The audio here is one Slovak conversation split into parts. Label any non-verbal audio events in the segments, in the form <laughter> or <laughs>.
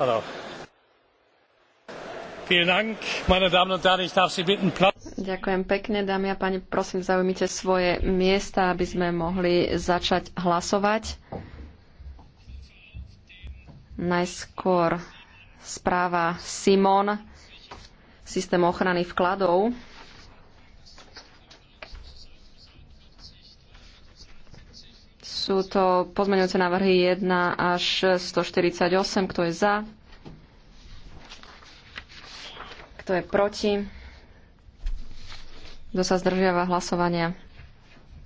Hello. Ďakujem pekne, dámy a páni. Prosím, zaujímite svoje miesta, aby sme mohli začať hlasovať. Najskôr správa Simon, systém ochrany vkladov. Sú to pozmeňujúce návrhy 1 až 148. Kto je za? Kto je proti? Kto sa zdržiava hlasovania?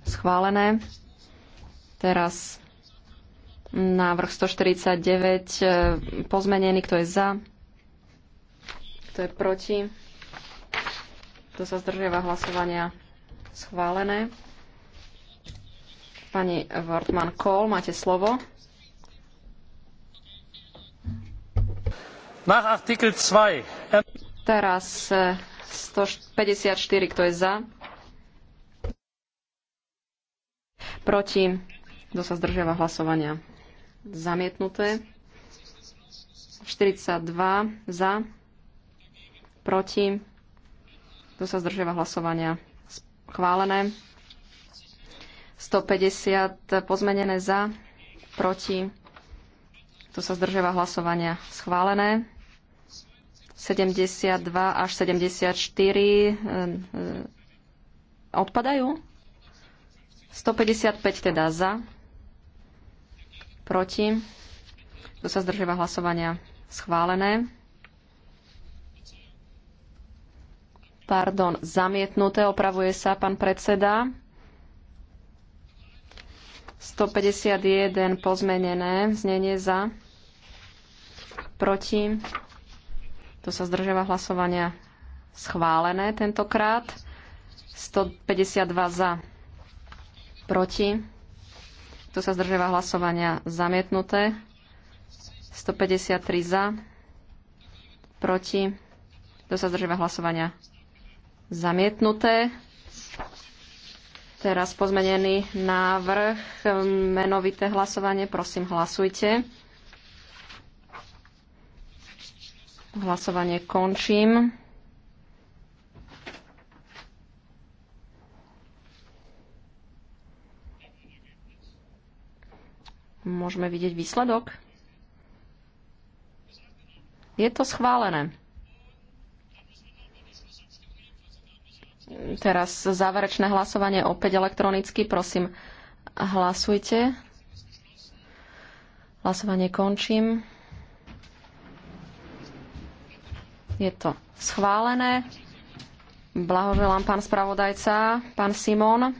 Schválené. Teraz návrh 149 e, pozmenený. Kto je za? Kto je proti? Kto sa zdržiava hlasovania? Schválené. Pani Wortman Kohl, máte slovo. Nach artikel 2. Teraz 154, eh, kto je za? Proti? Kto sa zdržiava hlasovania? Zamietnuté. 42 za. Proti? Kto sa zdržiava hlasovania? Chválené. 150 pozmenené za, proti, tu sa zdržiava hlasovania schválené. 72 až 74 eh, odpadajú. 155 teda za, proti, tu sa zdržiava hlasovania schválené. Pardon, zamietnuté, opravuje sa pán predseda. 151 pozmenené znenie za, proti, to sa zdržiava hlasovania schválené tentokrát, 152 za, proti, to sa zdržiava hlasovania zamietnuté, 153 za, proti, to sa zdržiava hlasovania zamietnuté, Teraz pozmenený návrh, menovité hlasovanie, prosím hlasujte. Hlasovanie končím. Môžeme vidieť výsledok. Je to schválené. Teraz záverečné hlasovanie opäť elektronicky. Prosím, hlasujte. Hlasovanie končím. Je to schválené. Blahoželám pán spravodajca, pán Simon.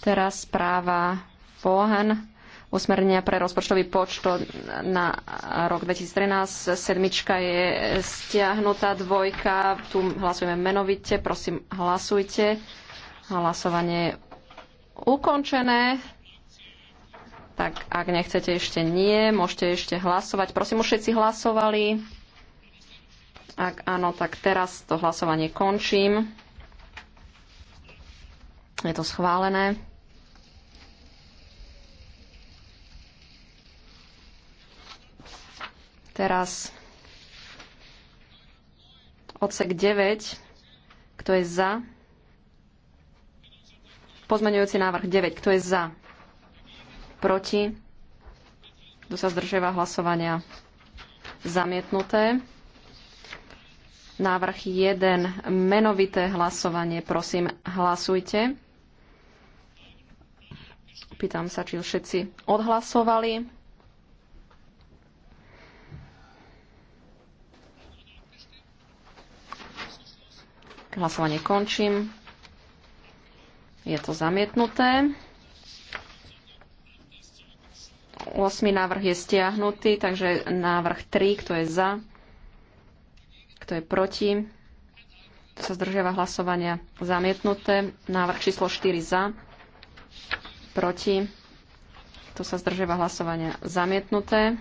Teraz správa Fohen usmernenia pre rozpočtový počet na rok 2013. Sedmička je stiahnutá, dvojka, tu hlasujeme menovite, prosím hlasujte. Hlasovanie je ukončené. Tak ak nechcete ešte nie, môžete ešte hlasovať. Prosím, už všetci hlasovali. Ak áno, tak teraz to hlasovanie končím. Je to schválené. Teraz odsek 9. Kto je za? Pozmeňujúci návrh 9. Kto je za? Proti? Kto sa zdržieva hlasovania? Zamietnuté. Návrh 1. Menovité hlasovanie. Prosím, hlasujte. Pýtam sa, či všetci odhlasovali. Hlasovanie končím. Je to zamietnuté. 8. návrh je stiahnutý, takže návrh 3, kto je za, kto je proti, kto sa zdržiava hlasovania, zamietnuté. Návrh číslo 4 za, proti, kto sa zdržiava hlasovania, zamietnuté.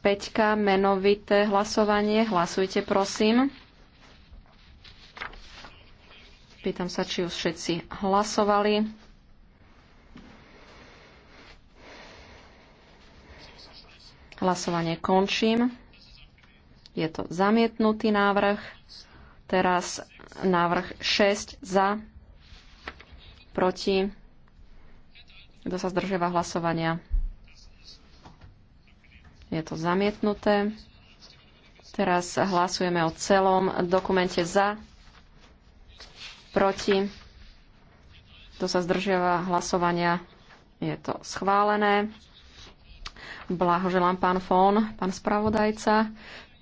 Peťka, menovité hlasovanie. Hlasujte, prosím. Pýtam sa, či už všetci hlasovali. Hlasovanie končím. Je to zamietnutý návrh. Teraz návrh 6 za, proti. Kto sa zdržiava hlasovania? Je to zamietnuté. Teraz hlasujeme o celom dokumente za, proti, kto sa zdržiava hlasovania, je to schválené. Blahoželám pán Fón, pán spravodajca.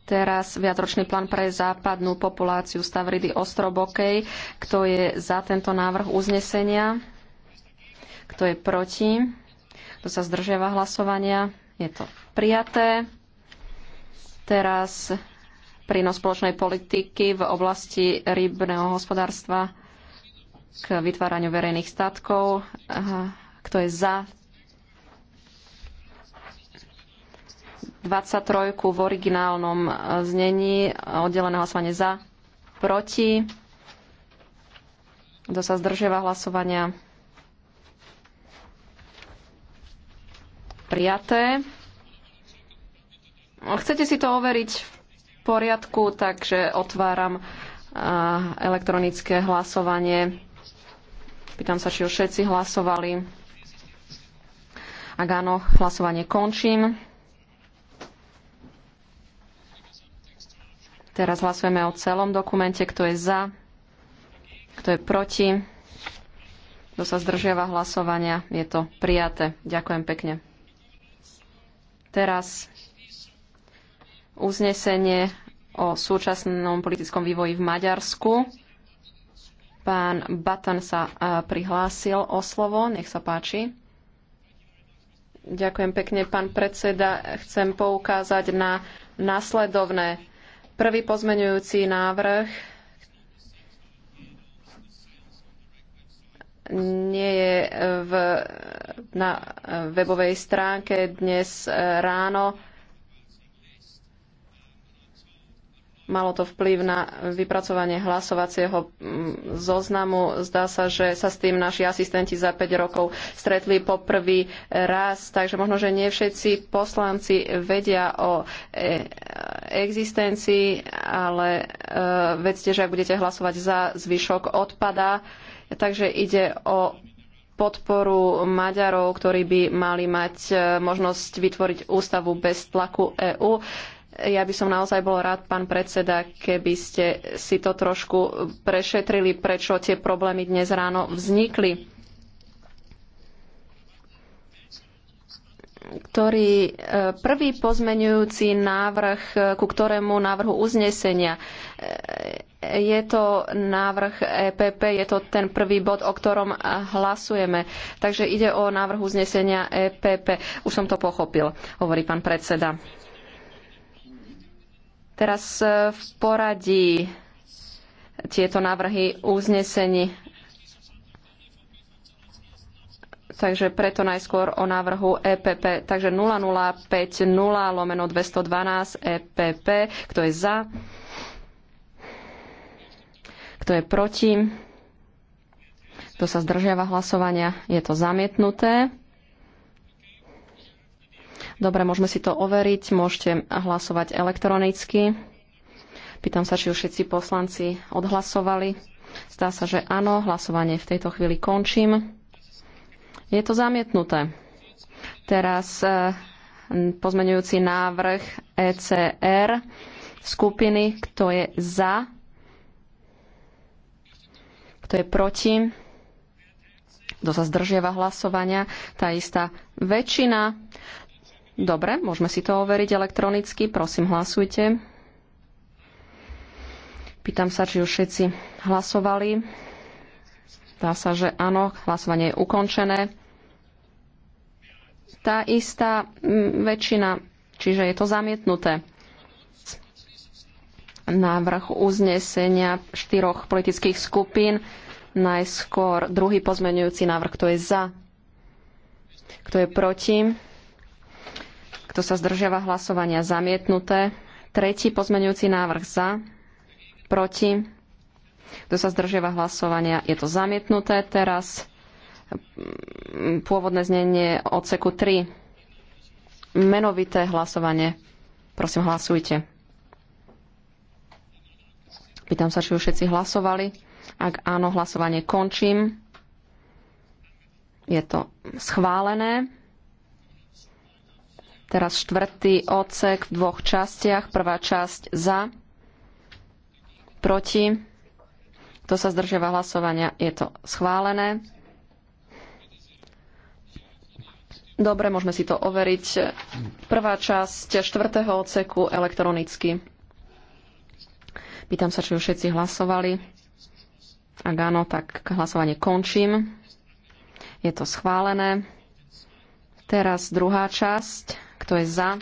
Teraz viatročný plán pre západnú populáciu Stavridy Ostrobokej. Kto je za tento návrh uznesenia? Kto je proti? Kto sa zdržiava hlasovania? Je to prijaté. Teraz prínos spoločnej politiky v oblasti rybného hospodárstva k vytváraniu verejných statkov. Kto je za 23 v originálnom e, znení, oddelené hlasovanie za, proti. Kto sa zdržiava hlasovania? Prijaté. Chcete si to overiť v poriadku, takže otváram e, elektronické hlasovanie. Pýtam sa, či už všetci hlasovali. Ak áno, hlasovanie končím. Teraz hlasujeme o celom dokumente, kto je za, kto je proti, kto sa zdržiava hlasovania. Je to prijaté. Ďakujem pekne. Teraz uznesenie o súčasnom politickom vývoji v Maďarsku. Pán Batan sa e, prihlásil o slovo. Nech sa páči. Ďakujem pekne, pán predseda. Chcem poukázať na následovné. Prvý pozmenujúci návrh nie je e, v, na webovej stránke dnes e, ráno Malo to vplyv na vypracovanie hlasovacieho mm, zoznamu. Zdá sa, že sa s tým naši asistenti za 5 rokov stretli po prvý raz, takže možno, že nie všetci poslanci vedia o e, existencii, ale e, vedzte, že ak budete hlasovať za, zvyšok odpadá. Takže ide o podporu Maďarov, ktorí by mali mať e, možnosť vytvoriť ústavu bez tlaku EÚ. Ja by som naozaj bol rád, pán predseda, keby ste si to trošku prešetrili, prečo tie problémy dnes ráno vznikli. ktorý e, prvý pozmenujúci návrh, e, ku ktorému návrhu uznesenia. E, je to návrh EPP, je to ten prvý bod, o ktorom hlasujeme. Takže ide o návrh uznesenia EPP. Už som to pochopil, hovorí pán predseda. Teraz e, v poradí tieto návrhy uznesení. Takže preto najskôr o návrhu EPP. Takže 0050 lomeno 212 EPP. Kto je za? Kto je proti? Kto sa zdržiava hlasovania? Je to zamietnuté. Dobre, môžeme si to overiť. Môžete hlasovať elektronicky. Pýtam sa, či už všetci poslanci odhlasovali. Zdá sa, že áno. Hlasovanie v tejto chvíli končím. Je to zamietnuté. Teraz e, pozmeňujúci návrh ECR skupiny, kto je za, kto je proti, kto sa zdržiava hlasovania, tá istá väčšina. Dobre, môžeme si to overiť elektronicky. Prosím, hlasujte. Pýtam sa, či už všetci hlasovali. Dá sa, že áno, hlasovanie je ukončené. Tá istá mm, väčšina, čiže je to zamietnuté. Návrh uznesenia štyroch politických skupín. Najskôr druhý pozmenujúci návrh, kto je za, kto je proti kto sa zdržiava hlasovania? Zamietnuté. Tretí pozmeňujúci návrh za. Proti. Kto sa zdržiava hlasovania? Je to zamietnuté. Teraz mm, pôvodné znenie odseku 3. Menovité hlasovanie. Prosím, hlasujte. Pýtam sa, či už všetci hlasovali. Ak áno, hlasovanie končím. Je to schválené. Teraz štvrtý odsek v dvoch častiach. Prvá časť za, proti. Kto sa zdržiava hlasovania, je to schválené. Dobre, môžeme si to overiť. Prvá časť štvrtého odseku elektronicky. Pýtam sa, či už všetci hlasovali. Ak áno, tak hlasovanie končím. Je to schválené. Teraz druhá časť kto je za?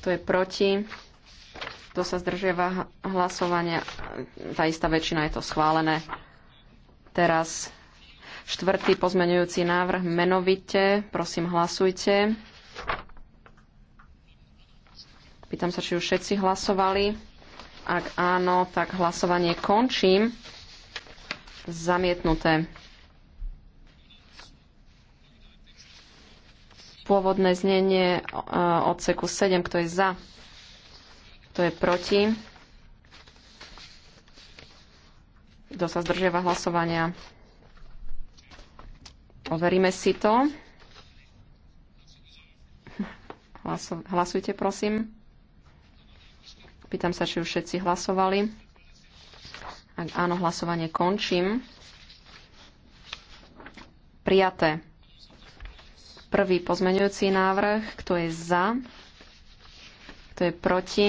Kto je proti? Kto sa zdržiava hlasovania? Tá istá väčšina je to schválené. Teraz štvrtý pozmenujúci návrh menovite. Prosím, hlasujte. Pýtam sa, či už všetci hlasovali. Ak áno, tak hlasovanie končím. Zamietnuté. pôvodné znenie e, odseku 7, kto je za, kto je proti, kto sa zdržiava hlasovania. Overíme si to. Hlasujte, prosím. Pýtam sa, či už všetci hlasovali. Ak áno, hlasovanie končím. Prijaté. Prvý pozmeňujúci návrh, kto je za, kto je proti,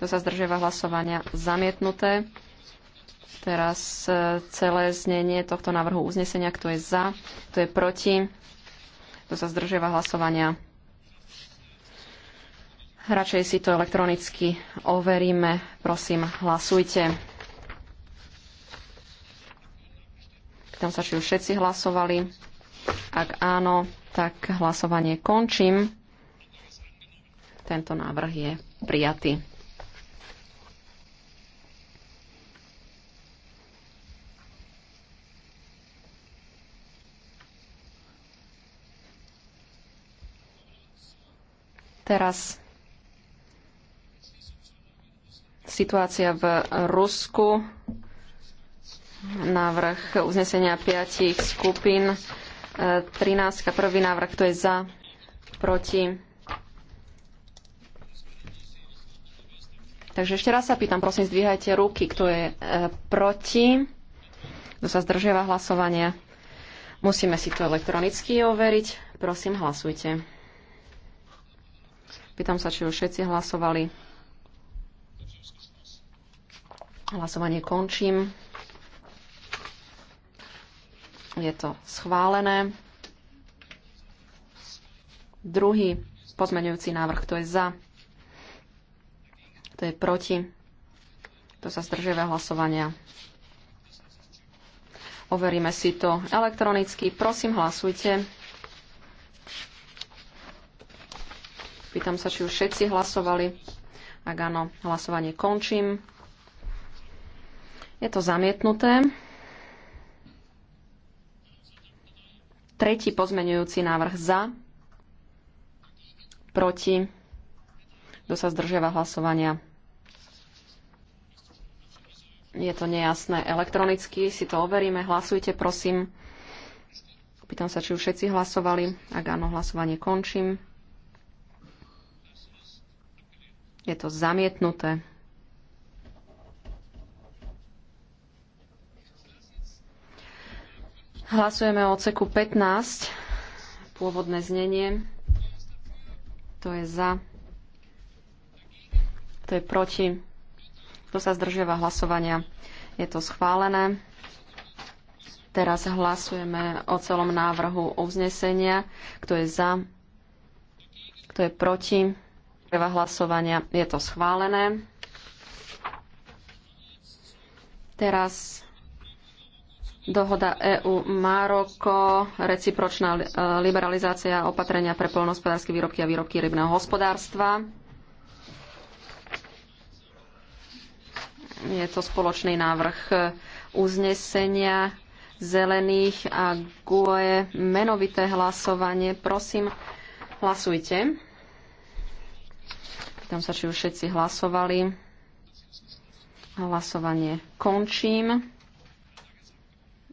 kto sa zdržiava hlasovania, zamietnuté. Teraz e, celé znenie tohto návrhu uznesenia, kto je za, kto je proti, kto sa zdržiava hlasovania. Radšej si to elektronicky overíme. Prosím, hlasujte. Pýtam sa, či už všetci hlasovali. Ak áno, tak hlasovanie končím. Tento návrh je prijatý. Teraz situácia v Rusku. Návrh uznesenia piatich skupín 13. Prvý návrh, kto je za, proti. Takže ešte raz sa pýtam, prosím, zdvíhajte ruky, kto je e, proti, kto sa zdržiava hlasovania. Musíme si to elektronicky overiť. Prosím, hlasujte. Pýtam sa, či už všetci hlasovali. Hlasovanie končím. Je to schválené. Druhý pozmeňujúci návrh, kto je za, kto je proti, kto sa zdržuje hlasovania. Overíme si to elektronicky. Prosím, hlasujte. Pýtam sa, či už všetci hlasovali. Ak áno, hlasovanie končím. Je to zamietnuté. Tretí pozmenujúci návrh za, proti, kto sa zdržiava hlasovania. Je to nejasné. Elektronicky si to overíme. Hlasujte, prosím. Pýtam sa, či už všetci hlasovali. Ak áno, hlasovanie končím. Je to zamietnuté. Hlasujeme o odseku 15, pôvodné znenie. To je za. To je proti. Kto sa zdržiava hlasovania? Je to schválené. Teraz hlasujeme o celom návrhu uznesenia. Kto je za? Kto je proti? Prvá hlasovania. Je to schválené. Teraz dohoda EU-Maroko, recipročná e, liberalizácia opatrenia pre polnohospodárske výrobky a výrobky rybného hospodárstva. Je to spoločný návrh e, uznesenia zelených a GUE. Menovité hlasovanie. Prosím, hlasujte. Pýtam sa, či už všetci hlasovali. Hlasovanie končím.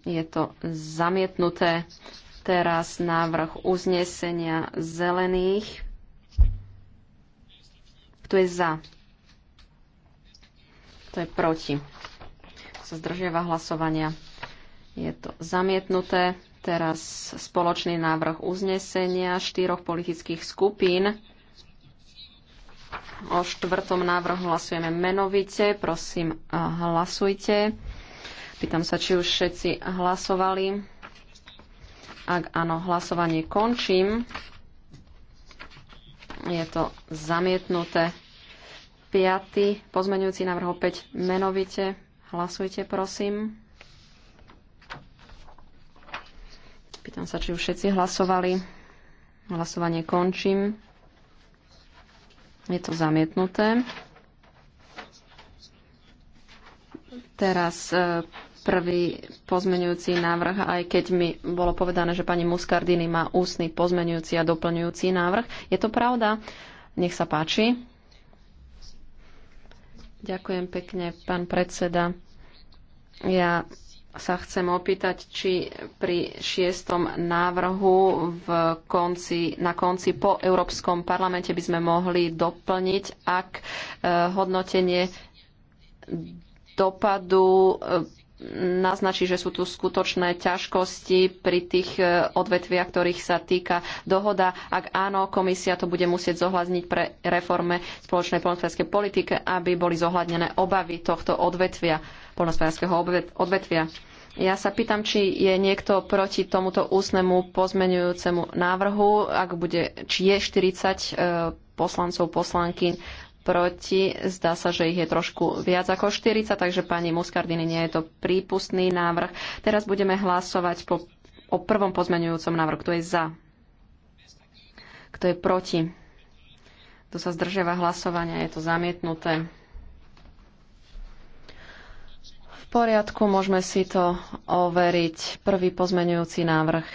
Je to zamietnuté. Teraz návrh uznesenia zelených. Kto je za? Kto je proti? Kto sa zdržiava hlasovania? Je to zamietnuté. Teraz spoločný návrh uznesenia štyroch politických skupín. O štvrtom návrhu hlasujeme menovite. Prosím, hlasujte. Pýtam sa, či už všetci hlasovali. Ak áno, hlasovanie končím. Je to zamietnuté. 5. pozmeňujúci návrh opäť menovite. Hlasujte, prosím. Pýtam sa, či už všetci hlasovali. Hlasovanie končím. Je to zamietnuté. Teraz e, prvý pozmenujúci návrh, aj keď mi bolo povedané, že pani Muscardini má ústny pozmenujúci a doplňujúci návrh. Je to pravda? Nech sa páči. Ďakujem pekne, pán predseda. Ja sa chcem opýtať, či pri šiestom návrhu v konci, na konci po Európskom parlamente by sme mohli doplniť, ak eh, hodnotenie dopadu eh, naznačí, že sú tu skutočné ťažkosti pri tých e, odvetviach, ktorých sa týka dohoda. Ak áno, komisia to bude musieť zohľadniť pre reforme spoločnej poľnospodárskej politike, aby boli zohľadnené obavy tohto odvetvia, poľnospodárskeho odvetvia. Ja sa pýtam, či je niekto proti tomuto ústnemu pozmenujúcemu návrhu, ak bude, či je 40 e, poslancov, poslanky proti. Zdá sa, že ich je trošku viac ako 40, takže pani Muscardini nie je to prípustný návrh. Teraz budeme hlasovať po, o prvom pozmeňujúcom návrhu. Kto je za? Kto je proti? Kto sa zdržiava hlasovania? Je to zamietnuté. V poriadku, môžeme si to overiť. Prvý pozmeňujúci návrh.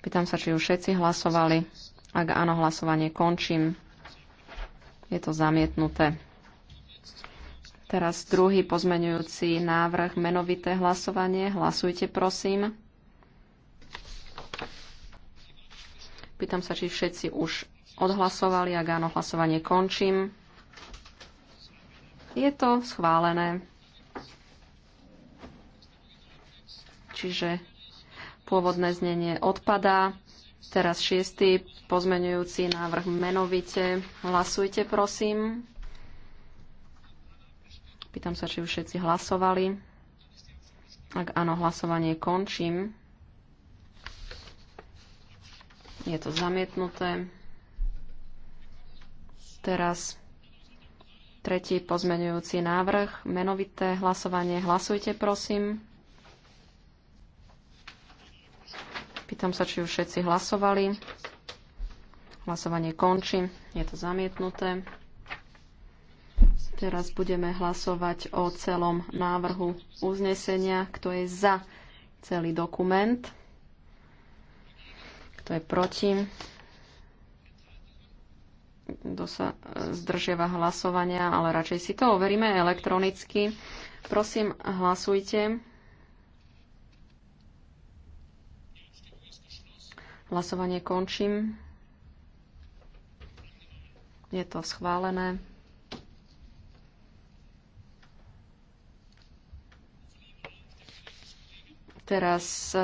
Pýtam sa, či už všetci hlasovali. Ak áno, hlasovanie končím. Je to zamietnuté. Teraz druhý pozmenujúci návrh, menovité hlasovanie. Hlasujte, prosím. Pýtam sa, či všetci už odhlasovali. Ak áno, hlasovanie končím. Je to schválené. Čiže pôvodné znenie odpadá. Teraz šiestý pozmeňujúci návrh menovite. Hlasujte, prosím. Pýtam sa, či už všetci hlasovali. Ak áno, hlasovanie končím. Je to zamietnuté. Teraz tretí pozmeňujúci návrh. Menovité hlasovanie. Hlasujte, prosím. Pýtam sa, či už všetci hlasovali. Hlasovanie končí. Je to zamietnuté. Teraz budeme hlasovať o celom návrhu uznesenia, kto je za celý dokument, kto je proti, kto sa e, zdržiava hlasovania, ale radšej si to overíme elektronicky. Prosím, hlasujte. Hlasovanie končím. Je to schválené. Teraz eh,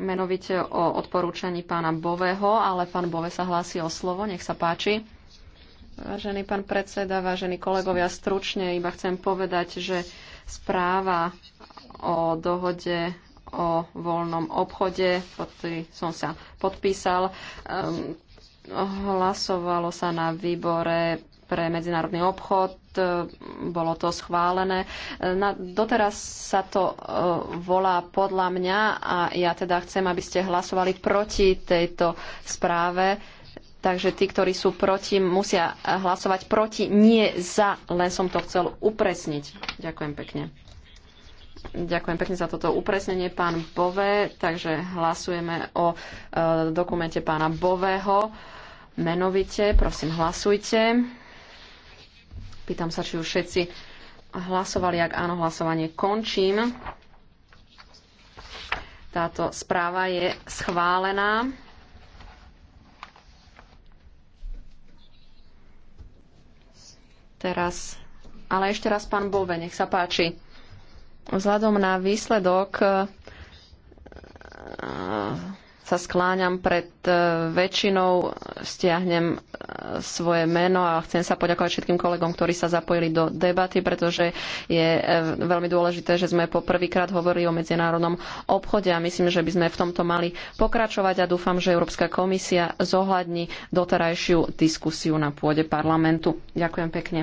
menovite o odporúčaní pána Bového, ale pán Bove sa hlási o slovo. Nech sa páči. Vážený pán predseda, vážení kolegovia, stručne iba chcem povedať, že správa o dohode o voľnom obchode, pod ktorý som sa podpísal. Ehm, hlasovalo sa na výbore pre medzinárodný obchod, ehm, bolo to schválené. Ehm, na, doteraz sa to volá podľa mňa a ja teda chcem, aby ste hlasovali proti tejto správe. Takže tí, ktorí sú proti, musia hlasovať proti, nie za. Len som to chcel upresniť. Ďakujem pekne. Ďakujem pekne za toto upresnenie, pán Bove. Takže hlasujeme o e, dokumente pána Bového. Menovite, prosím, hlasujte. Pýtam sa, či už všetci hlasovali. Ak áno, hlasovanie končím. Táto správa je schválená. Teraz ale ešte raz pán Bove, nech sa páči. Vzhľadom na výsledok e, e, sa skláňam pred e, väčšinou, stiahnem svoje meno a chcem sa poďakovať všetkým kolegom, ktorí sa zapojili do debaty, pretože je veľmi dôležité, že sme poprvýkrát hovorili o medzinárodnom obchode a myslím, že by sme v tomto mali pokračovať a dúfam, že Európska komisia zohľadní doterajšiu diskusiu na pôde parlamentu. Ďakujem pekne.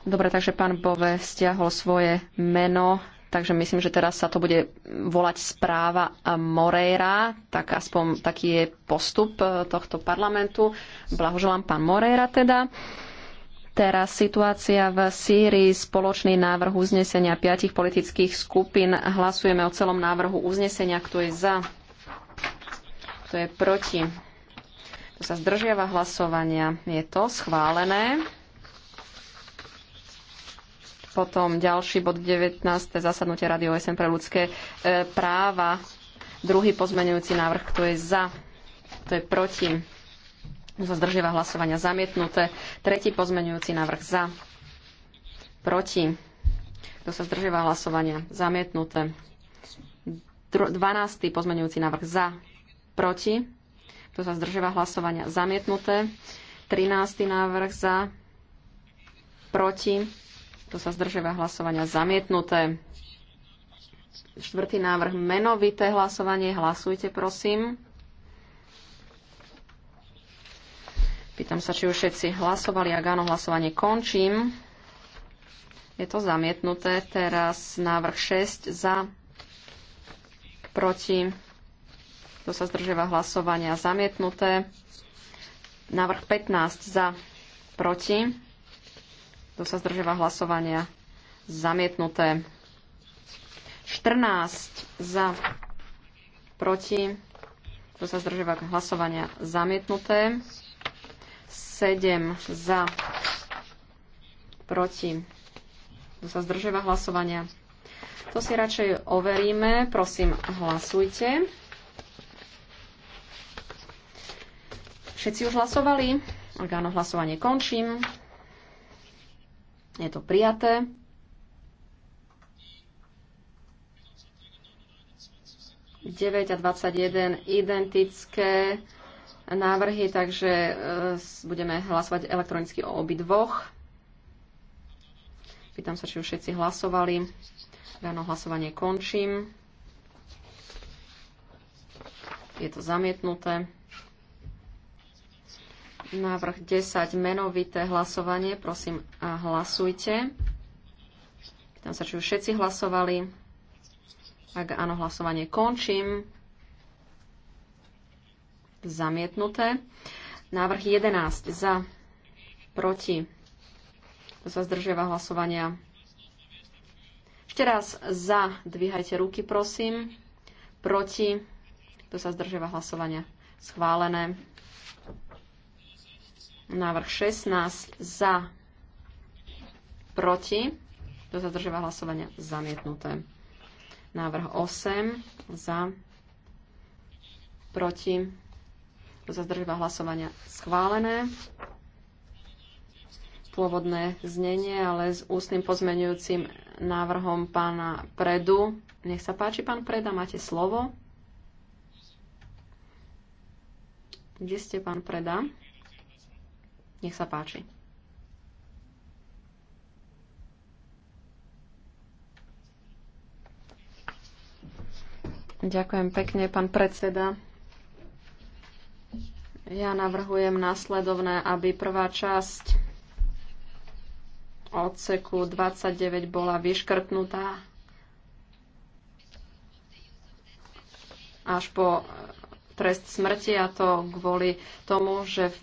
Dobre, takže pán Bove stiahol svoje meno, takže myslím, že teraz sa to bude volať správa Moreira, tak aspoň taký je postup e, tohto parlamentu. Blahoželám pán Moreira teda. Teraz situácia v Sýrii, spoločný návrh uznesenia piatich politických skupín. Hlasujeme o celom návrhu uznesenia, kto je za, kto je proti. Kto sa zdržiava hlasovania? Je to schválené. Potom ďalší bod 19. Zasadnutie Rady OSN pre ľudské e, práva. Druhý pozmenujúci návrh, kto je za, kto je proti. Kto sa zdržiava hlasovania? Zamietnuté. Tretí pozmenujúci návrh za, proti. Kto sa zdržiava hlasovania? Zamietnuté. 12. pozmenujúci návrh za, proti. Kto sa zdržiava hlasovania? Zamietnuté. 13. návrh za. Proti. Kto sa zdržiava hlasovania? Zamietnuté. Štvrtý návrh. Menovité hlasovanie. Hlasujte, prosím. Pýtam sa, či už všetci hlasovali. Ak áno, hlasovanie končím. Je to zamietnuté. Teraz návrh 6 za, proti kto sa zdržiava hlasovania? Zamietnuté. Návrh 15 za, proti. Kto sa zdržiava hlasovania? Zamietnuté. 14 za, proti. Kto sa zdržiava hlasovania? Zamietnuté. 7 za, proti. Kto sa zdržiava hlasovania? To si radšej overíme. Prosím, hlasujte. Všetci už hlasovali? Ak áno, hlasovanie končím. Je to prijaté. 9 a 21 identické návrhy, takže e, budeme hlasovať elektronicky o obidvoch. Pýtam sa, či už všetci hlasovali. Ráno hlasovanie končím. Je to zamietnuté. Návrh 10, menovité hlasovanie. Prosím, hlasujte. Pýtam sa, či už všetci hlasovali. Ak áno, hlasovanie končím. Zamietnuté. Návrh 11 za, proti. To sa zdržiava hlasovania. Ešte raz za, dvíhajte ruky, prosím. Proti. To sa zdržiava hlasovania. Schválené. Návrh 16 za, proti. Kto sa hlasovania? Zamietnuté. Návrh 8 za, proti. Kto sa hlasovania? Schválené. Pôvodné znenie, ale s ústnym pozmenujúcim návrhom pána Predu. Nech sa páči, pán Preda, máte slovo. Kde ste, pán Preda? Nech sa páči. Ďakujem pekne, pán predseda. Ja navrhujem následovné, aby prvá časť odseku 29 bola vyškrtnutá až po trest smrti a to kvôli tomu, že v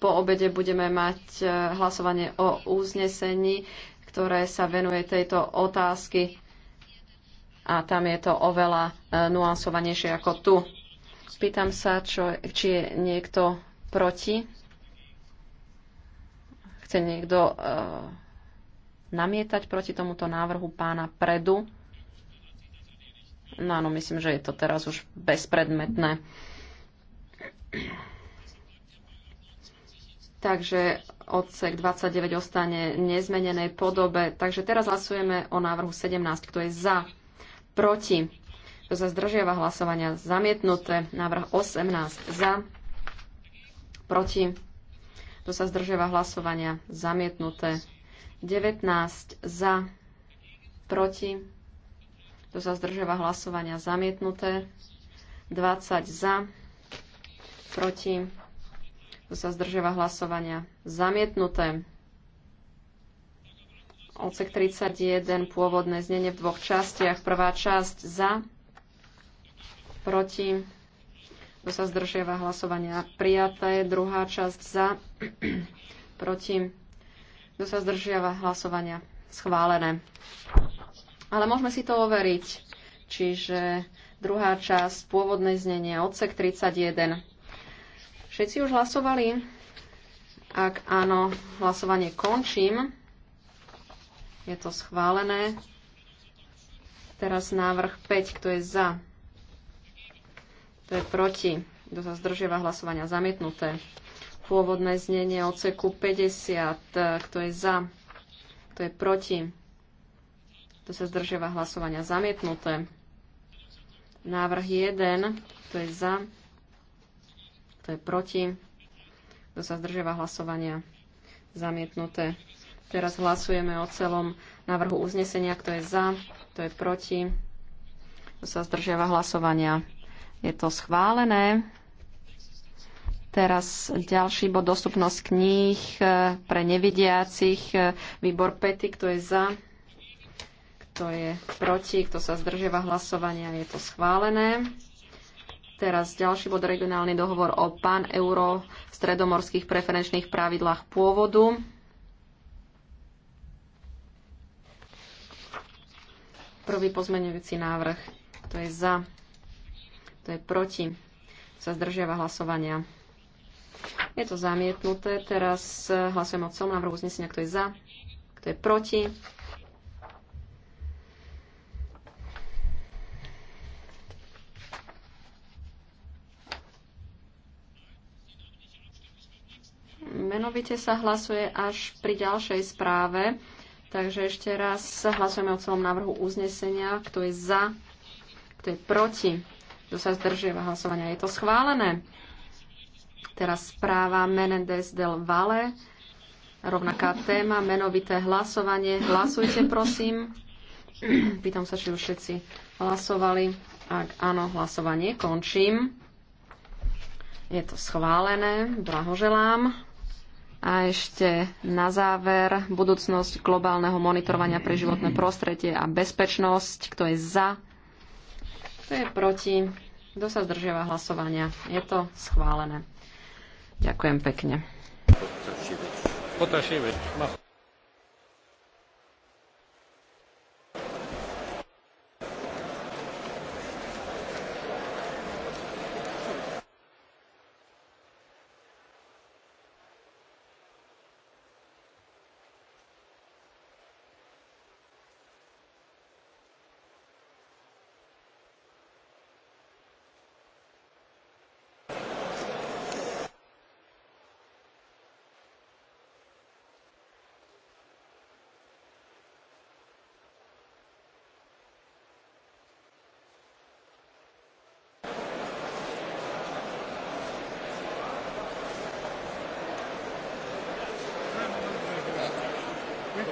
po obede budeme mať e, hlasovanie o uznesení, ktoré sa venuje tejto otázky a tam je to oveľa e, nuansovanejšie ako tu. Pýtam sa, čo, či je niekto proti. Chce niekto uh, namietať proti tomuto návrhu pána Predu? No áno, myslím, že je to teraz už bezpredmetné. Takže odsek 29 ostane nezmenenej podobe. Takže teraz hlasujeme o návrhu 17. Kto je za? Proti? Kto sa zdržiava hlasovania? Zamietnuté. Návrh 18. Za? Proti? Kto sa zdržiava hlasovania? Zamietnuté. 19. Za? Proti? Kto sa zdržiava hlasovania? Zamietnuté. 20. Za? Proti? Kto sa zdržiava hlasovania? Zamietnuté. Odsek 31, pôvodné znenie v dvoch častiach. Prvá časť za, proti, kto sa zdržiava hlasovania prijaté. Druhá časť za, <clears throat> proti, kto sa zdržiava hlasovania schválené. Ale môžeme si to overiť. Čiže druhá časť, pôvodné znenie, odsek 31. Všetci už hlasovali? Ak áno, hlasovanie končím. Je to schválené. Teraz návrh 5, kto je za? Kto je proti? Kto sa zdržiava hlasovania? Zamietnuté. Pôvodné znenie odseku 50. Kto je za? Kto je proti? Kto sa zdržiava hlasovania? Zamietnuté. Návrh 1. Kto je za? Kto je proti? Kto sa zdržiava hlasovania? Zamietnuté. Teraz hlasujeme o celom návrhu uznesenia. Kto je za? Kto je proti? Kto sa zdržiava hlasovania? Je to schválené. Teraz ďalší bod dostupnosť kníh eh, pre nevidiacich. Eh, výbor Pety, kto je za, kto je proti, kto sa zdržiava hlasovania, je to schválené. Teraz ďalší bod regionálny dohovor o pan euro stredomorských preferenčných pravidlách pôvodu. Prvý pozmeňujúci návrh. Kto je za? Kto je proti? Sa zdržiava hlasovania. Je to zamietnuté. Teraz hlasujem o celom návrhu uznesenia. Kto je za? Kto je proti? Menovite sa hlasuje až pri ďalšej správe. Takže ešte raz hlasujeme o celom návrhu uznesenia. Kto je za, kto je proti, kto sa zdržiava hlasovania. Je to schválené. Teraz správa Menendez del Valle. Rovnaká téma, menovité hlasovanie. Hlasujte, prosím. <clears throat> Pýtam sa, či už všetci hlasovali. Ak áno, hlasovanie končím. Je to schválené. Blahoželám. A ešte na záver budúcnosť globálneho monitorovania pre životné prostredie a bezpečnosť. Kto je za? Kto je proti? Kto sa zdržiava hlasovania? Je to schválené. Ďakujem pekne. Potašivič.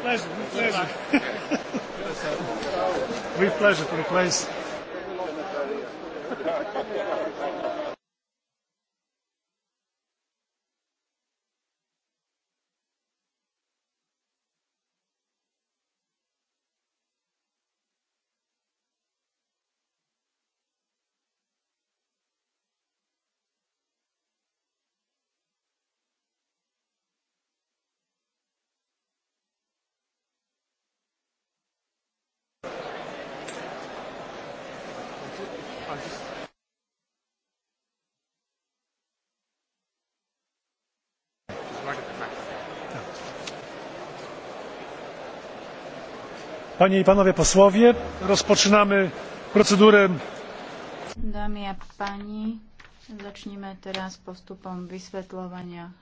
pleasure, with pleasure. <laughs> with pleasure to the place. panie i panowie posłowie rozpoczynamy procedurę dámy a teraz postupom vysvetľovania hlasovania.